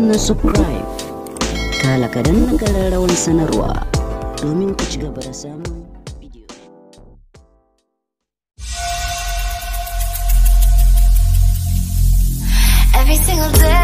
na subscribe kala ka na kararrawan sanarwa domin ku ci gaba da samun Every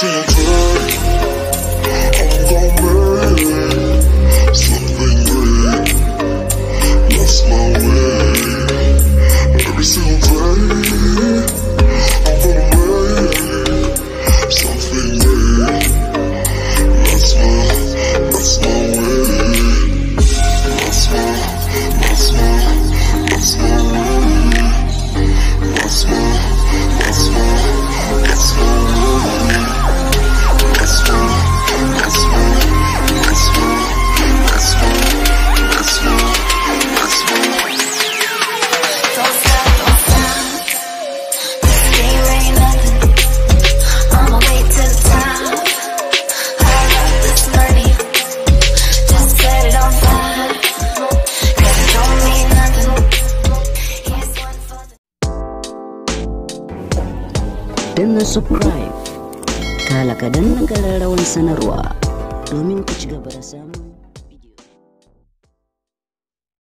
see na subscribe kala ka na rawan sanarwa domin ku ci gaba da samun